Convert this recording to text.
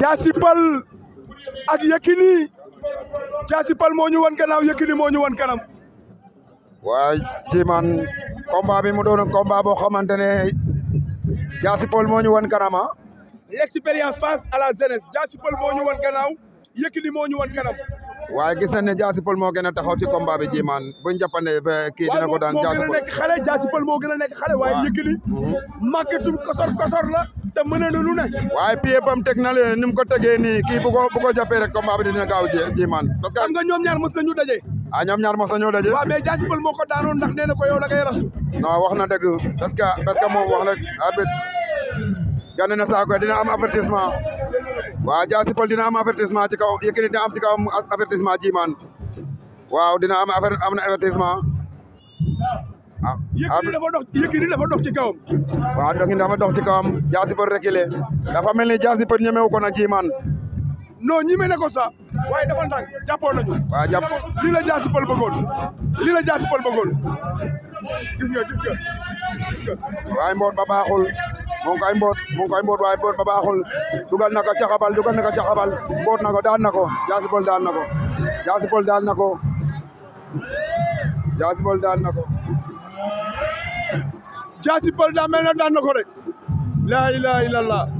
Diassy Peulh ak Yékini Diassy Peulh moo ñu wan gannaaw Yékini moo ñu wan kanam. waaye ci man combat bi mu doon combat boo xamante ne Diassy Peulh moo ñu wan kanam ah. l'expérience face à la jeunesse Diassy Peulh moo ñu wan gannaaw Yékini moo ñu wan kanam. waaye gis nañ ne Diassy Peulh moo gën a taxaw ci combat i jimaan buñ jàppande ba kii dina ko daan jaa Peulh moo gën a nekk xale moo gën a nekk xale waaye Yékini mhm. màggatum kosor kosor la. te mënoon lu ne. waaye pied ba mu na leen ni ko tegee nii kii bu ko bu ko jàppee rek combat bi dina gaaw ji jiimaan. parce kan? que nga ñoom ñaar mos na ñu ah ñoom ñaar mos na ñoo daje. mais Diassy Peulh moo ndax nee ko yow da ngay rasu. non wax na parce que parce que wax na dina am avertissement dina am avertissement ci kaw ya dina am ci avertissement waaw dina am avertissement. ah. yëkkati ah, dafa dox yëkkati dafa dox ci kawam. waaw doxin dafa dox ci kawam jaasi për rekile dafa mel ni jaasi për ñemewu ko na jiimaan. non ñime ne ko sax waaye dafa ndànk jàppoon nañu. waaw lii la jaasi pël bëggoon lii la jaasi pël bëggoon gis nga gis ba baaxul mu ngi koy mboot mu ngi koy ba baaxul dugal na ko caxabal dugal na ko caxabal mboot na ko daan na ko jaasi pël daal na ko jaasi pël daal na ko jaasi pël daan na ko. জাসি পল্ডা মেন ডান্ন করে লাই লাই ইলাল্লাহ